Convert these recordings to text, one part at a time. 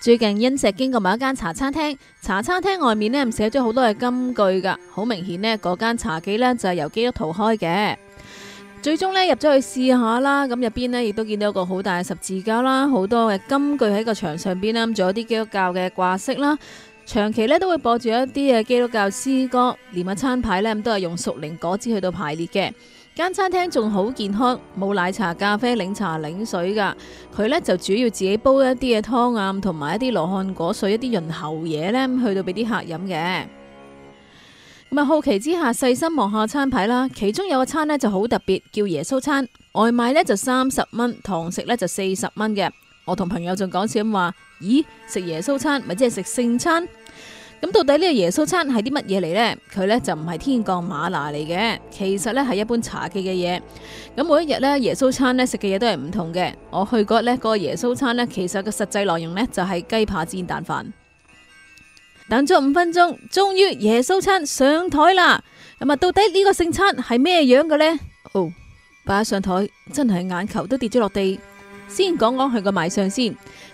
最近因石經過某一間茶餐廳，茶餐廳外面呢寫咗好多嘅金句噶，好明顯呢，嗰間茶記呢就係由基督徒開嘅。最終呢入咗去試下啦，咁入邊呢，亦都見到一個好大嘅十字架啦，好多嘅金句喺個牆上邊呢，仲有啲基督教嘅掛飾啦，長期呢都會播住一啲嘅基督教詩歌，連埋餐牌呢都係用熟靈果子去到排列嘅。間餐廳仲好健康，冇奶茶、咖啡、檸茶、檸水噶。佢呢就主要自己煲一啲嘅湯啊，同埋一啲羅漢果水、一啲潤喉嘢呢，去到俾啲客飲嘅。咁啊好奇之下細心望下餐牌啦，其中有個餐呢就好特別，叫耶穌餐，外賣呢就三十蚊，堂食呢就四十蚊嘅。我同朋友仲講笑咁話：咦，食耶穌餐咪即係食聖餐？咁到底呢個,、那個耶穌餐係啲乜嘢嚟呢？佢呢就唔係天降馬拿嚟嘅，其實呢係一般茶記嘅嘢。咁每一日呢，耶穌餐呢食嘅嘢都係唔同嘅。我去過呢嗰個耶穌餐呢，其實個實際內容呢就係雞扒煎蛋飯。等咗五分鐘，終於耶穌餐上台啦。咁啊，到底呢個聖餐係咩樣嘅呢？哦，擺上台，真係眼球都跌咗落地。先講講佢個賣相先，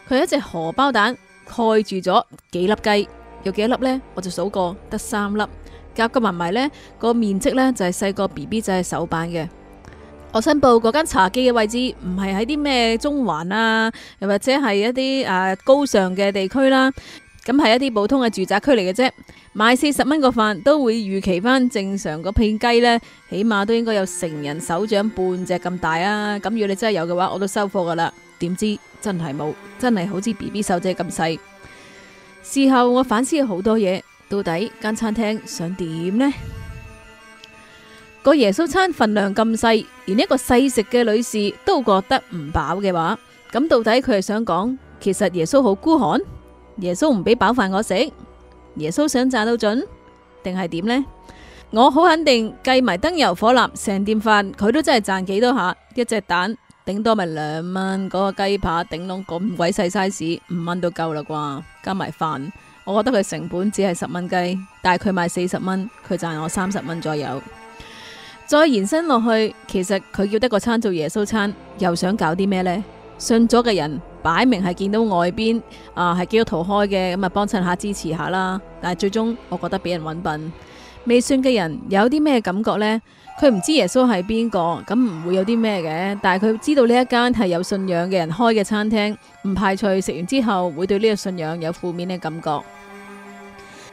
佢係一隻荷包蛋蓋住咗幾粒雞。有幾粒呢？我就數過得三粒，夾夾埋埋呢個面積呢，就係細個 B B 仔手板嘅。我申報嗰間茶記嘅位置唔係喺啲咩中環啊，又或者係一啲誒高尚嘅地區啦，啊，咁係一啲普通嘅住宅區嚟嘅啫。買四十蚊個飯都會預期翻正常個片雞呢，起碼都應該有成人手掌半隻咁大啊！咁如果你真係有嘅話，我都收貨噶啦。點知真係冇，真係好似 B B 手仔咁細。事後我反思好多嘢，到底間餐廳想點呢？個耶穌餐份量咁細，連一個細食嘅女士都覺得唔飽嘅話，咁到底佢係想講，其實耶穌好孤寒，耶穌唔俾飽飯我食，耶穌想賺到盡，定係點呢？我好肯定，計埋燈油火蠟，成碟飯佢都真係賺幾多，下一隻蛋，頂多咪兩蚊，嗰個雞扒頂籠咁鬼細 size，五蚊都夠啦啩，加埋飯，我覺得佢成本只係十蚊雞，但係佢賣四十蚊，佢賺我三十蚊左右。再延伸落去，其實佢叫得個餐做耶穌餐，又想搞啲咩呢？信咗嘅人擺明係見到外邊啊，係見到逃開嘅，咁啊幫襯下支持下啦。但係最終我覺得俾人揾笨。未信嘅人有啲咩感覺呢？佢唔知道耶穌係邊個，咁唔會有啲咩嘅。但係佢知道呢一間係有信仰嘅人開嘅餐廳，唔排除食完之後會對呢個信仰有負面嘅感覺。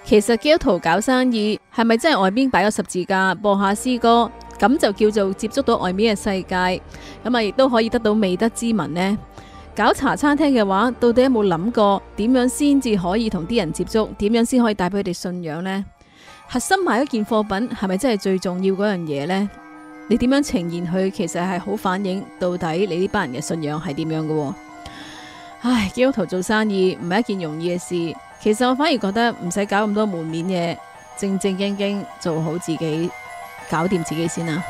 其實基督徒搞生意係咪真係外邊擺咗十字架播下詩歌，咁就叫做接觸到外面嘅世界，咁啊亦都可以得到未得之民呢？搞茶餐廳嘅話，到底有冇諗過點樣先至可以同啲人接觸，點樣先可以帶俾佢哋信仰呢？核心買一件貨品係咪真係最重要嗰樣嘢呢？你點樣呈現佢，其實係好反映到底你呢班人嘅信仰係點樣嘅？唉，基督徒做生意唔係一件容易嘅事。其實我反而覺得唔使搞咁多門面嘢，正正經經做好自己，搞掂自己先啊！